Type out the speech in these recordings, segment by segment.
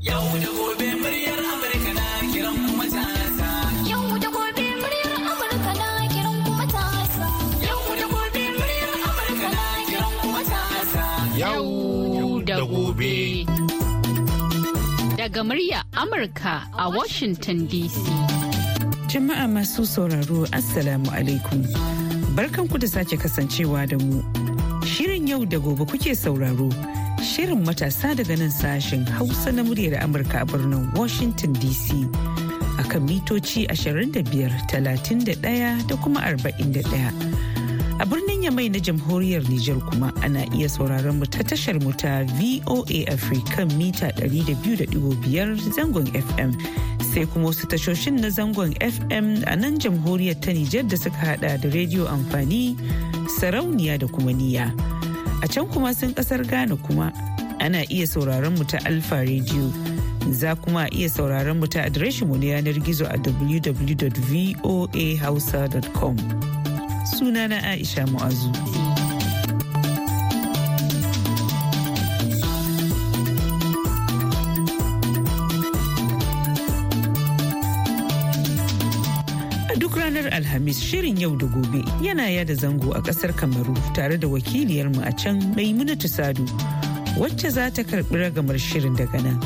Yau da gobe muryar Amurka na kiran kuma ta Yau da gobe muryar Amurka na kiran kuma ta Yau da gobe muryar Amurka na kiran kuma ta Yau da gobe. Daga murya Amurka a Washington DC. Jama'a masu sauraro Assalamu alaikum. Barkanku da sake kasancewa da mu. Shirin yau da gobe kuke sauraro. Shirin matasa daga nan sashen Hausa na muryar Amurka a birnin Washington DC. A kan mitoci 25, 31 da kuma 41. a birnin yamai na jamhuriyar Nijar kuma ana iya sauraron mu ta tashar mu ta VOA Africa mita 200.5 zangon FM sai kuma wasu tashoshin na zangon FM a nan jamhuriyar ta Nijar da suka hada da rediyo amfani sarauniya da kuma niya. a can kuma sun kasar Ghana kuma ana iya sauraron mu ta Alfa Radio. Za kuma iya sauraron mu ta adireshin mu na yanar gizo a www.voahausa.com. Sunana Aisha Mu'azu. Alhamis shirin yau da gobe yana yada zango a kasar Kamaru tare da wakiliyarmu a can Maimunatu Sadu wacce za ta karbi ragamar shirin daga nan.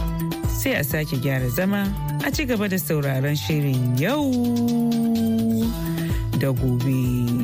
Sai a sake gyara zama a ci gaba da sauraron shirin yau da gobe.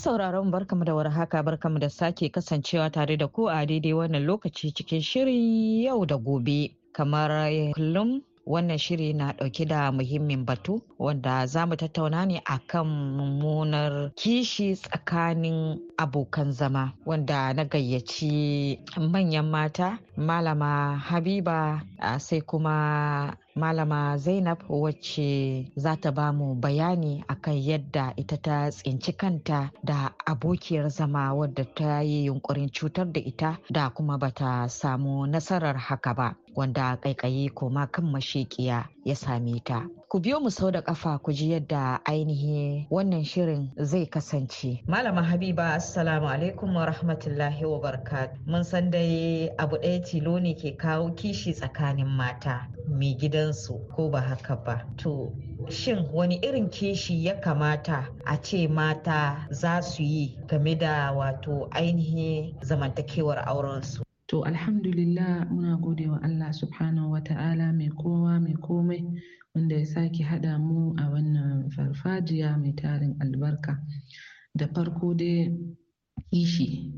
sauraron barkamu da warhaka barkamu da sake kasancewa tare da ku a daidai wannan lokaci cikin shirin yau da gobe. Kamar kullum wannan shiri na ɗauke da muhimmin batu wanda za mu tattauna ne a kan mummunar kishi tsakanin abokan zama wanda na gayyaci manyan mata malama habiba sai kuma malama zainab wacce za ta ba mu bayani akan yadda ita ta tsinci kanta da abokiyar zama wadda ta yi yunkurin cutar da ita da kuma bata samu nasarar haka ba wanda kaikayi koma kan mashiƙiya ya same ta ku biyo mu sau da kafa ku ji yadda ainihin wannan shirin zai kasance. Malama Habiba Assalamu alaikum wa rahmatullahi wa barkat. Mun san dai abu ɗaya tilo ne ke kawo kishi tsakanin mata mai gidansu ko ba haka ba. To shin wani irin kishi ya kamata a ce mata za su yi game da wato ainihin zamantakewar aurensu To alhamdulillah muna gode wa Allah subhanahu ta'ala mai kowa mai komai wanda ya sake haɗa mu a wannan farfajiya mai tarin albarka. Da farko dai kishi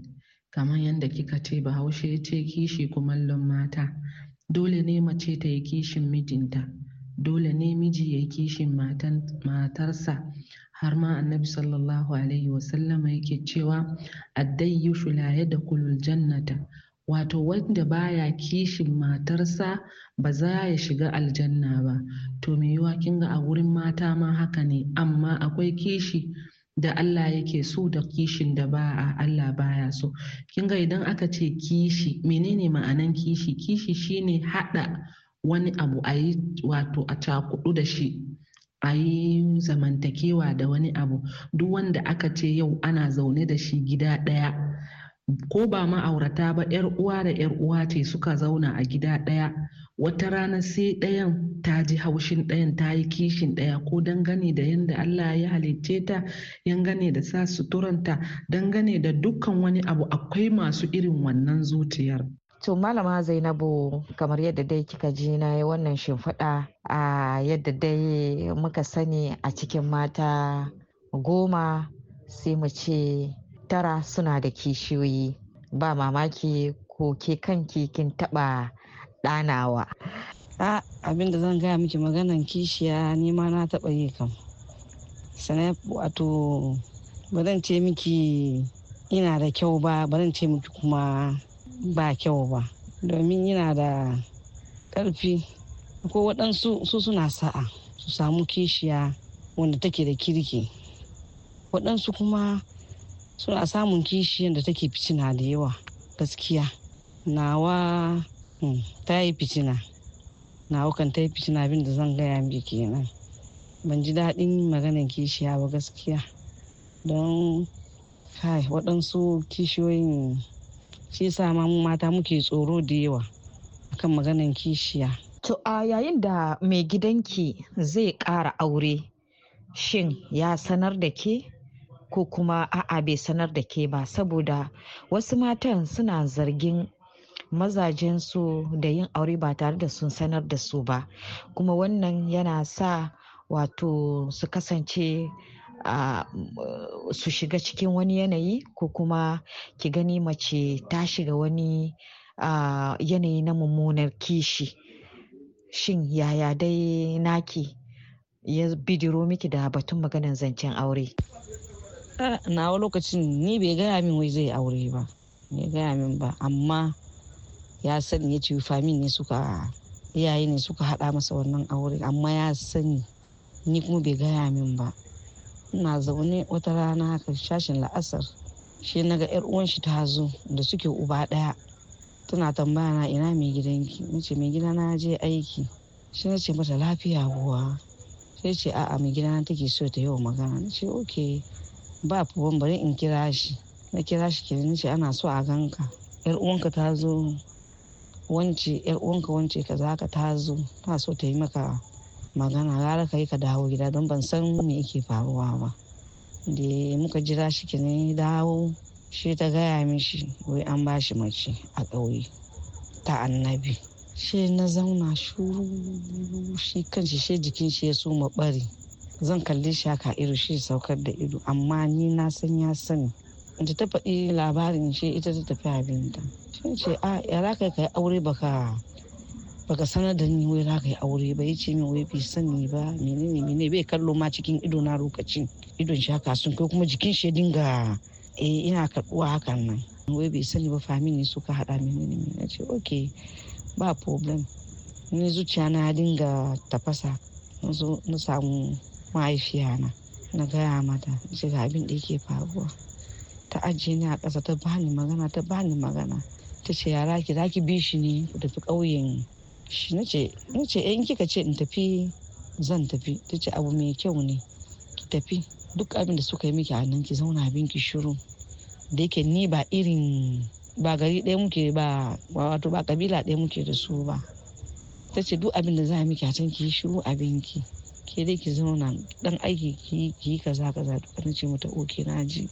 kamar yadda kika ce bahaushe ce kishi kumallon mata. Dole ne mace ta yi kishin mijinta, dole ne miji ya yi kishin matarsa. har ma annabi sallallahu alaihi wasallama yake cewa shulaye da kulul jannata wato wanda baya kishin matarsa ba za ya shiga aljanna ba to me yiwa kin ga a wurin mata ma haka ne amma akwai kishi da Allah yake so da kishin da ba a Allah baya so kin ga idan aka ce kishi menene ma'anan kishi kishi shine hada wani abu a yi wato a cakudu da shi a yi zamantakewa da wani abu duk wanda aka ce yau ana zaune da shi gida ɗaya ko ba ma'aurata ba yar uwa da yar uwa ce suka zauna a gida ɗaya wata rana sai ɗayan ta ji haushin ɗayan ta yi kishin ɗaya ko dangane da yadda Allah ya halicce ta gane da sa suturanta dangane da dukkan wani abu akwai masu irin wannan zuciyar To Malama Zainabu kamar yadda dai kika ji na yi wannan shimfiɗa a yadda dai muka sani a cikin mata goma sai mu ce tara suna da kishiyoyi ba mamaki ko ke kanki kin taba ɗanawa. a abin da zan gaya miki maganan kishiya nema ma na taba yi kam sanai wato ba zan ce miki ina da kyau ba ba ce miki kuma ba kyau ba domin yana da ƙarfi ko waɗansu su suna sa'a su samu kishiya wanda take da kirki waɗansu kuma so a samun kishiyan da take fitina da yawa gaskiya nawa hmm, ta yi fitina nawa kan ta yi fitina abin da zan gaya mai kenan ban ji daɗin maganin kishiya ba gaskiya don kai waɗansu kishiyoyin shi sa ma mu mata muke tsoro da yawa akan maganin kishiya to a yayin da mai gidanki zai ƙara aure shin ya sanar da ke ko kuma a'a bai sanar da ke ba saboda wasu matan suna zargin mazajensu da yin aure ba tare da sun sanar da su ba kuma wannan yana sa wato su kasance Uh, su shiga cikin wani yanayi ko kuma ki gani mace ta shiga wani uh, yanayi na mummunar kishi shin yaya dai naki ya bidiro miki da batun maganin zancen aure ka nawa lokacin ni bai gaya min wai zai aure ba bai gaya min ba amma ya sani ya ce famin ne suka iyaye ne suka haɗa masa wannan aure amma ya sani ni kuma bai gaya min ba ina zaune wata rana haka shashin la'asar shi na ga yar uwan shi ta zo da suke uba ɗaya tana tambaya na ina mai gidanki nace mai gida na je aiki shi na ce mata lafiya kuwa sai ce a'a mai gida na take so ta yi yau magana na ce ok ba fuban bari in kira shi na kira shi ke ana so a ganka yar uwanka ta zo wance yar uwanka wance ka za ka ta zo ta so ta yi maka magana gara ka yi ka dawo gida don ban san me yake faruwa ba da muka jira shi ke dawo shi ta gaya mishi wai an ba shi mace a ƙauye ta annabi shi na zauna shuru shi kan shi jikin shi ya suma bari zan kalle shi haka ido shi saukar da ido amma ni na san ya sani da ta faɗi labarin shi ita ta tafi abin da shi ce a za ka yi aure baka baka sanar da ni wai za ka yi aure ba ya ce min wai bai sani ba menene menene bai kallo ma cikin ido na lokacin idon shi haka sun kai kuma jikin shi dinga eh ina karɓuwa hakan nan wai bai sani ba ne suka haɗa menene menene ce ok ba problem ni zuciya na dinga tafasa na samu mahaifiyana na gaya mata ce ga abin da yake faruwa ta ajiye ni a ƙasa ta bani magana ta bani magana ta ce yara ki za ki bi shi ne ku tafi ƙauyen shi na ce eh, in kika ce in tafi zan tafi ta ce abu mai kyau ne ki tafi duk abin da suka yi miki a nan ki zauna abin ki shiru da yake ni ba irin ba gari ɗaya muke ba wato ba kabila ɗaya muke da su ba ta ce duk abin da za a miki a can ki shiru abin ki ke dai ki zauna dan aiki ki ki kaza kaza duk na ce mata oke na ji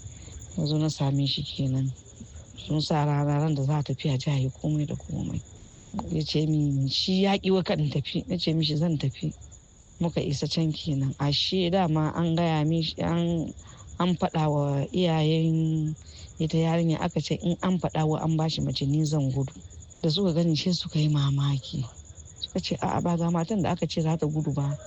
na zo na same shi kenan sun sa rana ran da za ta tafi a ji komai da komai ya ce min shi ya ki wa kan tafi na ce mishi zan tafi muka isa can kenan ashe dama an gaya mishi an an faɗa wa iyayen ita yarinya aka ce in an faɗa wa an bashi mace ni zan gudu da suka gani shi suka yi mamaki suka ce a'a ba ga matan da aka ce za ta gudu ba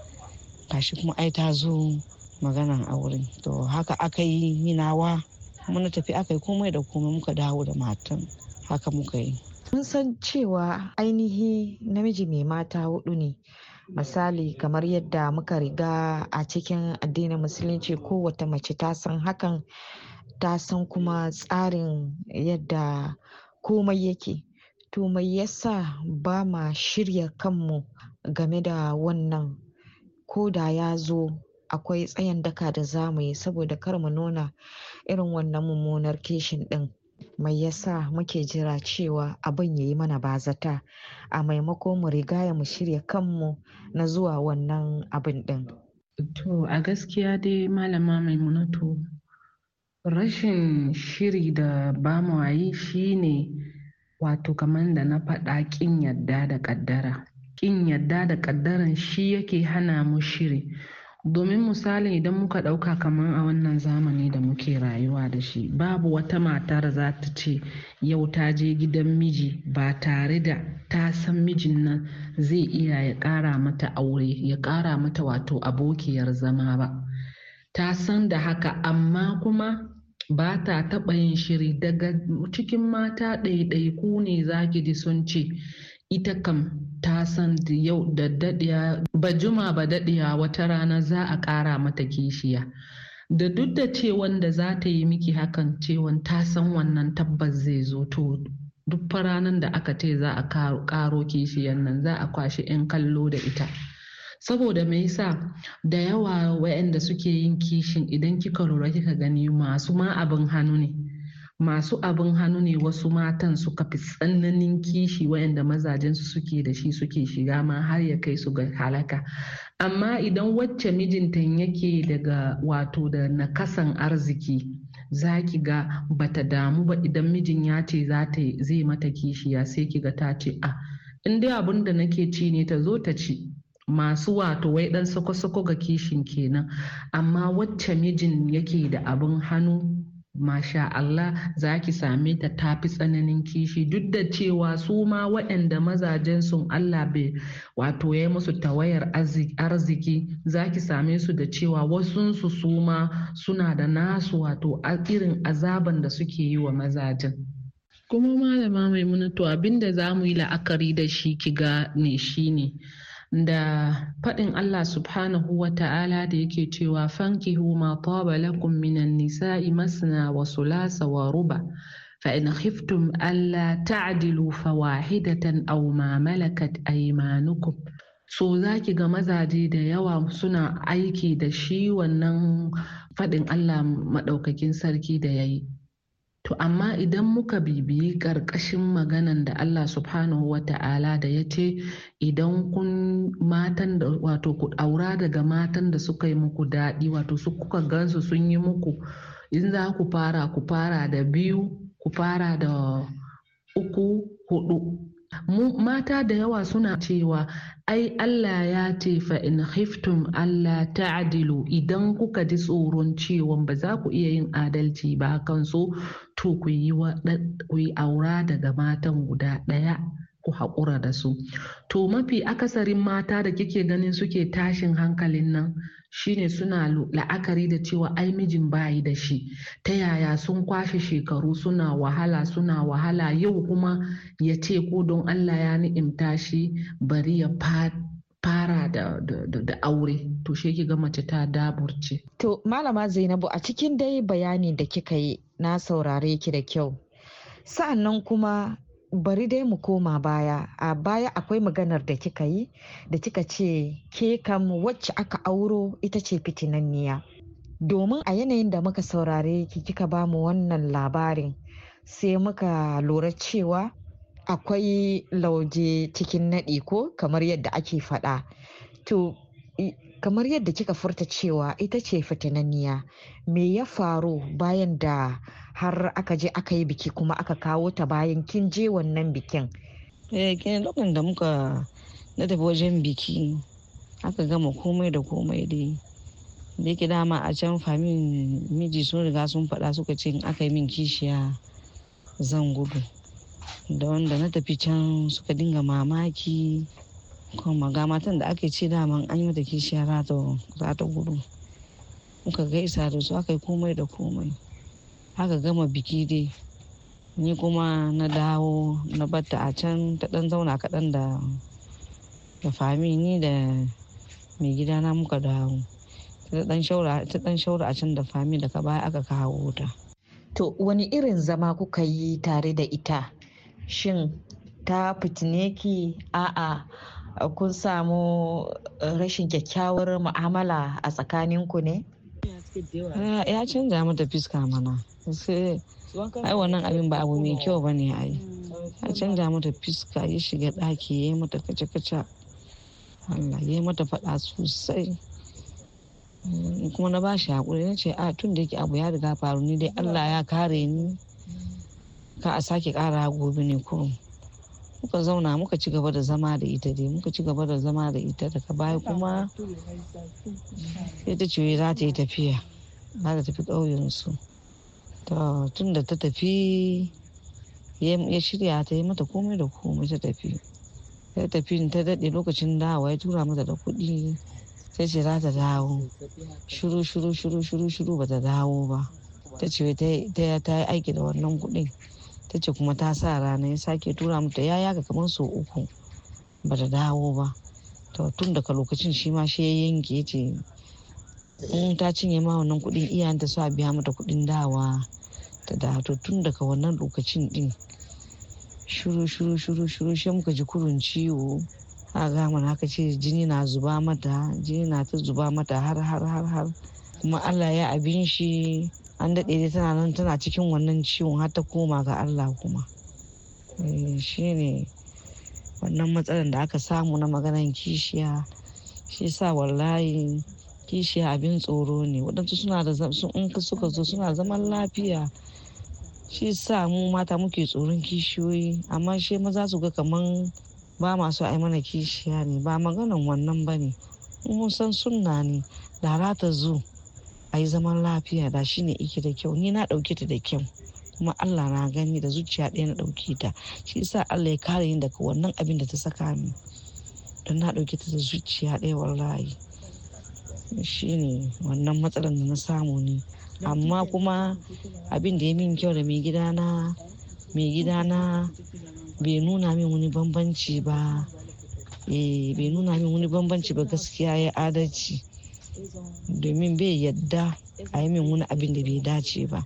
kashi kuma ai ta zo maganan wurin to haka aka yi minawa muna tafi aka yi komai da komai muka dawo da matan haka muka yi mun san cewa ainihi namiji mai mata hudu ne misali kamar yadda muka riga a cikin addinin musulunci kowace mace ta san hakan ta san kuma tsarin yadda komai yake to mai yasa ba ma shirya kanmu game da wannan ko da ya zo akwai tsayin daka da za mu yi saboda kar mu nuna irin wannan mummunar kishin ɗin mai yasa muke jira cewa abin ya yi mana bazata a maimako mu rigaya mu shirya kanmu na zuwa wannan abin ɗin. to a gaskiya dai malama maimunatu rashin shiri da ba mu yi ne wato kamar da na faɗa ƙin yadda da ƙaddara ƙin yadda da ƙaddaran shi yake hana mu shiri domin misali idan muka ɗauka kamar a wannan zamani da muke rayuwa da shi babu wata matar za ta ce yau ta je gidan miji ba tare da ta san mijin nan zai iya ya ƙara mata aure ya ƙara mata wato abokiyar zama ba ta san da haka amma kuma ba ta taɓa yin shiri daga cikin mata ɗaiɗaiku ne za ki ji sun ce ita kam ta san yau da daɗiya ba juma ba daɗiya wata rana za a ƙara mata kishiya da duk da ce wanda za ta yi miki hakan cewan ta san wannan tabbas zai zo to duk ranar da aka ce za a ƙaro kishiyan nan za a kwashi 'yan kallo da ita saboda mai sa da yawa wayanda suke yin kishin idan kika lura kika gani masu ma abin hannu ne masu abin hannu ne wasu matan suka fi tsananin kishi wayanda mazajensu suke da shi suke shiga ma har ya kai su ga halaka amma idan wacce mijinta yake daga wato da nakasan arziki za ki ga bata damu ba idan mijin ya ce zai mata kishiya sai ki ga ta ce a in dai abin da nake ci ne ta zo ta ci masu wato wai dan sako-sako ga kishin kenan amma wacce mijin yake da abin hannu masha Allah za ki same ta tafi tsananin kishi duk da cewa su ma waɗanda mazajen sun Allah bai wato ya yi musu tawayar arziki za ki same su da cewa wasunsu su ma suna da nasu wato irin azaban da suke yi wa mazajen. kuma malama mai abinda za mu yi la'akari da shi ki ga ne shine da faɗin Allah subhanahu wa ta'ala da yake cewa "Fanki, ma taba lakum minan nisa'i masna wa sulasa wa ruba فإن خفتم ألا تعدلوا فواحدة aw ma malakat aymanukum so za ga mazaje da yawa suna aiki da shi wannan faɗin Allah maɗaukakin sarki da yayi To amma idan muka bibiyi ƙarƙashin maganan da Allah subhanahu wa ta'ala da ya ce idan kun matan da wato ku aura daga matan da suka yi muku daɗi wato su kuka gansu sun yi muku in za ku fara ku fara da biyu ku fara da uku hudu. mata da yawa suna cewa ai Allah ya ce fa in khiftum Allah ta'dilu idan kuka ji tsoron cewa ba za ku iya yin adalci ba kan so to ku yi ku yi aura daga matan guda ɗaya ku haƙura da su to mafi akasarin mata da kike ganin suke tashin hankalin nan shine suna la'akari da cewa ai mijin bayi da shi ta yaya sun kwashe shekaru suna wahala suna wahala yau kuma ya ce ko don allah ya ni'imta shi bari ya fara da, aure to she ki ga mace ta daburce. to malama zainabu a cikin dai bayani da kika yi na saurare ki da kyau sa'annan kuma bari dai mu koma baya a baya akwai maganar da kika yi da kika ce ke kam wacce aka auro ita ce fitinanniya domin a yanayin da muka saurare ki kika ba mu wannan labarin sai muka lura cewa akwai lauje cikin naɗi ko kamar yadda ake faɗa to kamar yadda kika furta cewa ita ce fitinanniya me ya faru bayan da har aka je aka yi biki kuma aka kawo ta bayan kin je wannan bikin eh kin lokacin da muka na tafi wajen biki aka gama komai da komai dai da yake dama a can famin miji sun riga sun faɗa suka ce aka yi min kishiya zan gudu da wanda na tafi can suka dinga mamaki kuma ga matan da ake ce daman an yi mata kishiya za ta gudu muka gaisa da su aka yi komai da komai aka gama biki dai ni kuma na dawo na batta a can ta dan zauna kaɗan da da fami ni da mai na muka dawo ta dan shaura a can da fami daga baya aka kawo ta to wani irin zama kuka yi tare da ita shin ta fitine ki a'a kun samu eh, rashin kyakkyawar mu'amala a tsakaninku ne? ya eh, canza mata fiska mana ai wannan abin ba abu mai kyau ba ne ai hmm. ya canza mata fiska ya shiga ɗaki ya yi mata kaca-kaca Allah ya yi mata faɗa sosai hmm, kuma na ba shi haƙuri na ce a tun da yake abu ya riga faru ni dai Allah ya kare ni ka a sake ƙara gobe ne kurum muka zauna muka ci gaba da zama da ita dai muka ci gaba da zama da ita daga baya kuma ita ce za ta yi tafiya za ta tafi ƙauyensu tun da ta tafi ya shirya ta yi mata komai da komai ta tafi ta tafi ta daɗe lokacin dawa ya tura mata da kuɗi sai ce za ta dawo shiru shiru shiru shiru shiru ba ta dawo ba ta ce ta yi aiki da wannan kuɗin ta ce kuma ta sa rana ya sake tura mata ya yaga kamar sau uku ba da dawo ba to tun daga lokacin shi ma shi ya yanke ce in ta cinye ma wannan kudin iyayenta su a biya mata kudin dawa ta da to tun daga wannan lokacin din shuru shuru shuru shuru shi muka ji kurun ciwo a gama haka ce jini na zuba mata jini na ta zuba mata har har har har kuma allah ya abin shi an daɗe dai tana nan tana cikin wannan ciwon har ta koma ga allah kuma eh, shi ne wannan matsalar da aka samu na maganan kishiya shi sa wallahi kishiya abin tsoro ne waɗansu suna da in suka zo suna zaman lafiya shi sa mu mata muke tsoron kishiyoyi amma shi maza su ga kaman ba masu ai mana kishiya ne ba maganan wannan ba ne mun san sunna ne da ta zo a zaman lafiya da shi ne ike da kyau ni na ɗauke ta da kyau kuma allah na gani da zuciya daya na ɗauke ta shi yasa allah ya kare ni daga wannan abin da ta saka ni don na ɗauke ta da zuciya ɗaya wallahi shi ne wannan matsalar da na samu ne amma kuma abin da ya min kyau da mai gidana mai bai nuna min wani bambanci ba eh, bai nuna min wani bambanci ba gaskiya ya adalci domin bai yadda a yi min wani abin da bai dace ba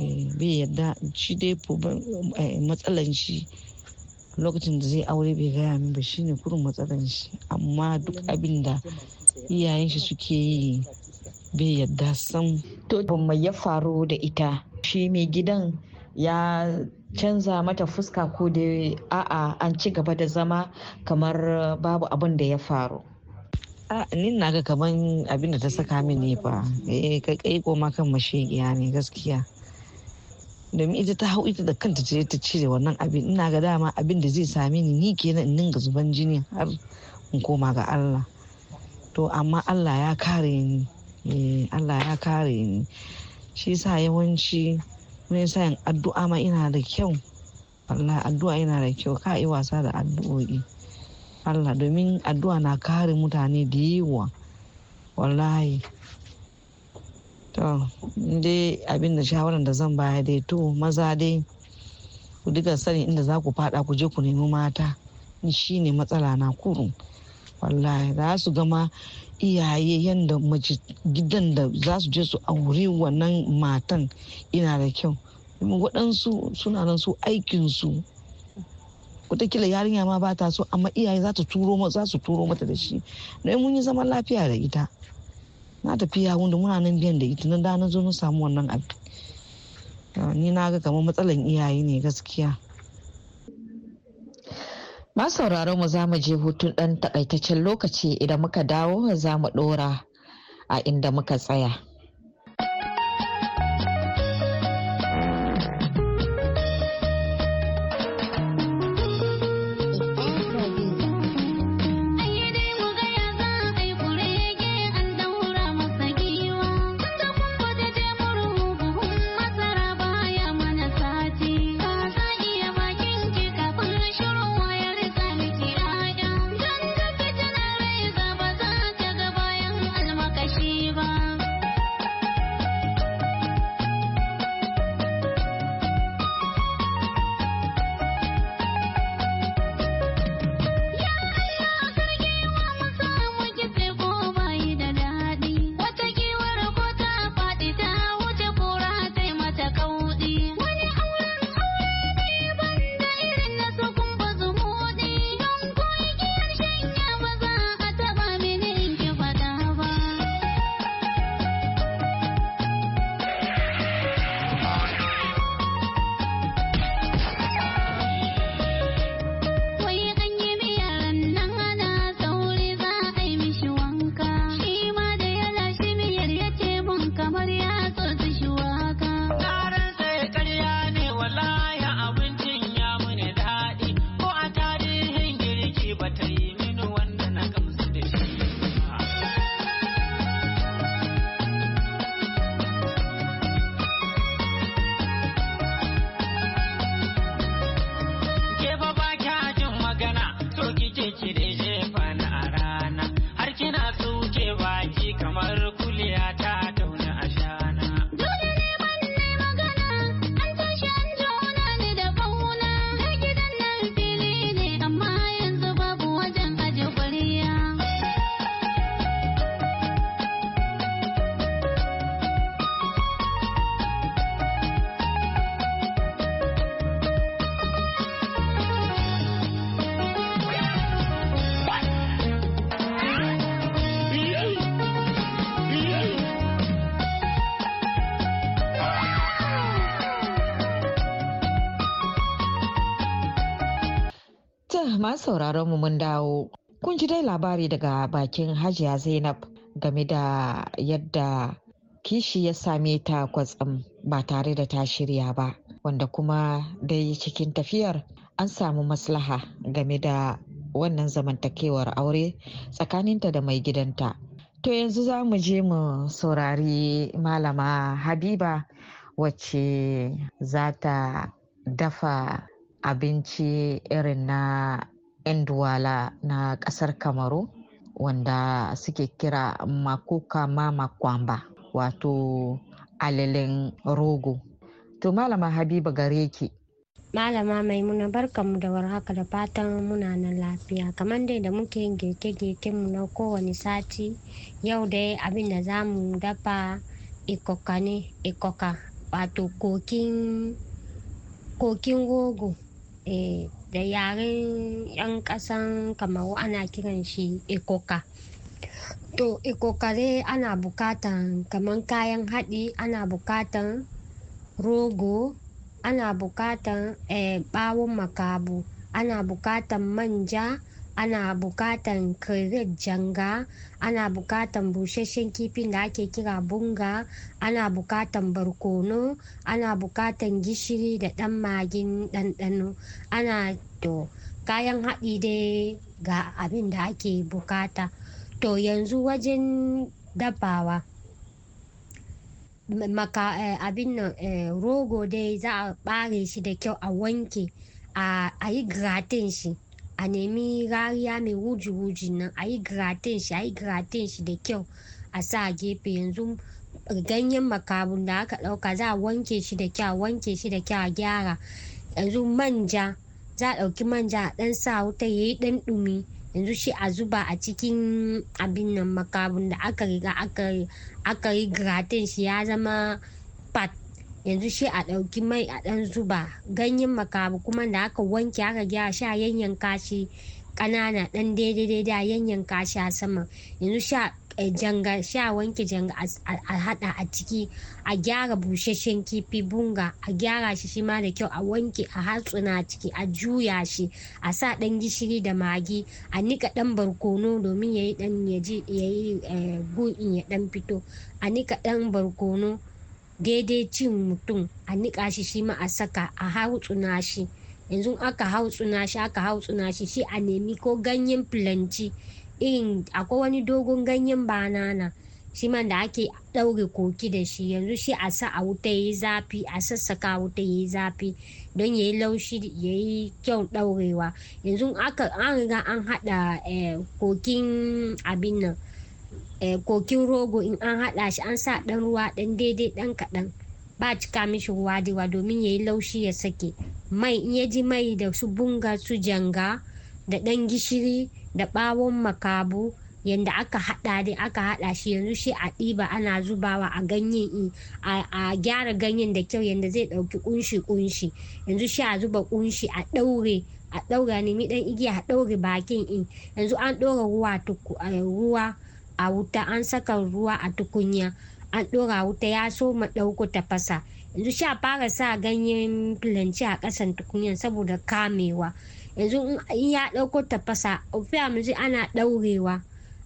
eh, bai yadda shi dai eh, matsalan shi lokacin da zai aure bai gaya min ba shine kurin matsalan shi amma duk abin da iyayen shi suke yi bai yadda san to mai ya faru da ita shi mai gidan ya canza mata fuska ko da a'a an ci gaba da zama kamar babu abin da ya faru ni na ga kaman abin da ta saka min ne fa eh kai kai koma kan mashegiya ne gaskiya domin ita ta hau ita da kanta ce ta cire wannan abin ina ga dama abin da zai sami ni ni kenan in dinga zuban jini har in koma ga Allah to amma Allah ya kare ni eh Allah ya kare ni shi sa yawanci yasa yin addu'a ma ina da kyau Allah addu'a yana da kyau ka yi wasa da addu'o'i Allah domin addu'a na kare mutane da yawa wallahi to dai abin da shawaran da zan baya dai to maza dai ku diga sani inda za ku fada ku je ku nemi mata shi ne matsala na kurun wallahi za su gama iyaye yadda mace gidan da za su je su aure wannan matan ina da kyau waɗansu suna nan su aikinsu watakila yarinya ma ba ta so amma iyaye za ta turo za su turo mata da shi don mun yi zaman lafiya da ita na tafi yawon muna nan biyan da ita na da na zo mun samu wannan abu ah, ni na ga kamar matsalan iyaye ne gaskiya ma sauraron mu za mu je hutun ɗan takaitaccen lokaci idan muka dawo za mu ɗora a inda muka tsaya. Ma sauraron mu mun dawo. Kun ji dai labari daga bakin Hajiya Zainab game da yadda kishi ya same ta kwatsam ba tare da ta shirya ba, wanda kuma dai cikin tafiyar an samu maslaha game da wannan zamantakewar aure tsakaninta da mai gidanta. To yanzu za mu je mu saurari Malama Habiba wacce za ta dafa abinci irin na 'yan duwala na kasar kamaru wanda suke kira makuka mama kwamba wato alilin rogo to malama habiba gare ki Malama Maimuna barkanmu da warhaka da fatan muna nan lafiya. Kamar dai da muke yin girke-girken mu na kowane sati, yau dai abin da za mu dafa ikoka ne, ikoka wato kokin kokin gogo. Eh, da yaren 'yan ƙasan kamaru ana kiran shi ekoka to ikokare ana bukatan kaman kayan haɗi ana bukatan rogo ana bukatan bawon eh, makabu ana bukatan manja ana bukatan kiret janga ana bukatan busasshen kifin da ake kira bunga ana bukatan barkono ana bukatan gishiri da ɗan magin ɗanɗano ana to kayan haɗi dai ga abin da ake bukata to yanzu wajen dafawa maka eh, abin nan eh, rogo dai za a ɓare shi da kyau a wanke a yi gratin shi a nemi rariya mai wuji-wuji nan a yi gratin shi a yi gratin shi da kyau a sa a gefe yanzu ganyen makabun da aka ɗauka za a wanke shi da kyau wanke shi da kyau a gyara yanzu manja za a ɗauki manja a ɗan sa wuta ya yi ɗan ɗumi yanzu shi a zuba a cikin abin nan makabun da aka riga aka yi gratin shi ya zama pat yanzu shi a ɗauki mai a ɗan zuba ganyen makabu kuma da aka wanke aka gyara shi a yanyan kashi ƙanana ɗan daidai daidai a yanyan kashi a sama yanzu sha eh, janga a wanke janga a haɗa a ciki a gyara busasshen kifi bunga a gyara shi shi ma da kyau a wanke a hatsuna a ciki a juya shi a sa ɗan gishiri da magi a nika ɗan barkono domin ya yi ɗan ya ji ya yi eh, ya ɗan fito a nika ɗan barkono daidai cin mutum a niƙa shi shi ma a saka a hautsuna shi yanzu aka hautsuna shi aka hautsuna shi shi a nemi ko ganyen filanci in akwai wani dogon ganyen banana shi man da ake ɗaure koki da shi yanzu shi a sa a wuta ya yi zafi a sassaka wuta ya yi zafi don ya yi laushi ya yi kyau ɗaurewa yanzu aka an riga an haɗa eh, kokin abin nan Eh, kokin rogo in an haɗa shi an sa ɗan ruwa ɗan daidai ɗan kaɗan ba cika mishi ruwa diwa domin ya yi laushi ya sake mai in ya ji mai da su bunga su janga da ɗan gishiri da ɓawon makabu yanda aka haɗa dai aka haɗa shi yanzu shi a ɗiba ana zubawa a ganyen in eh, a gyara ganyen da kyau yanda zai ɗauki kunshi kunshi yanzu shi a zuba kunshi a ɗaure a ɗaura nemi ɗan igiya a ɗaure bakin in eh. yanzu an ɗora ruwa ruwa a wuta an saka ruwa a tukunya an ɗora wuta ya so ma ɗauko tafasa yanzu sha fara sa ganyen filanci a ƙasan tukunya saboda kamewa yanzu in ya ɗauko tafasa ofiya mace ana ɗaurewa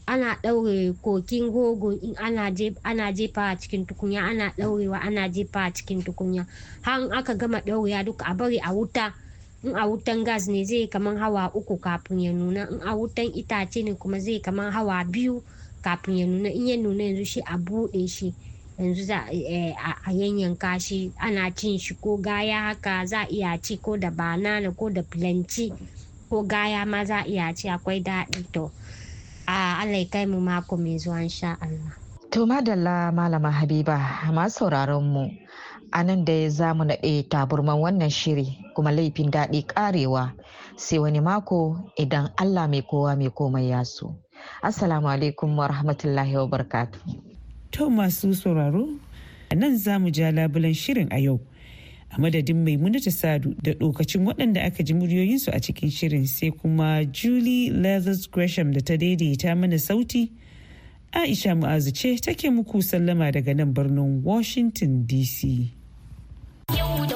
ana ɗaure kokin gogo in ana jefa a cikin tukunya ana ɗaurewa ana jefa a cikin tukunya har aka gama ɗaurewa duka a bari a wuta in a wutan gas ne zai kaman hawa uku kafin ya nuna in a wutan itace ne kuma zai kaman hawa biyu kafin ya nuna in ya nuna yanzu shi a buɗe shi yanzu za eh, a yanyanka shi ana cin shi ko gaya haka za a iya ci ko da banana ko da filanci ko gaya ma za a iya ci akwai daɗi to a allah kai mu mako mai zuwa insha allah to madalla malama habiba masu sauraron mu a nan da za mu naɗe taburman wannan shiri kuma laifin daɗi ƙarewa sai wani mako idan allah mai kowa mai komai ya so assalamu alaikum wa rahmatullahi wa barkatu to masu sauraro nan za mu ja labulan shirin a yau a madadin maimunata sadu da ɗokacin waɗanda aka ji muryoyinsu a cikin shirin sai kuma julie leathers gresham da ta daidaita mana sauti aisha mu'azu ce take muku sallama daga nan birnin washington dc Eu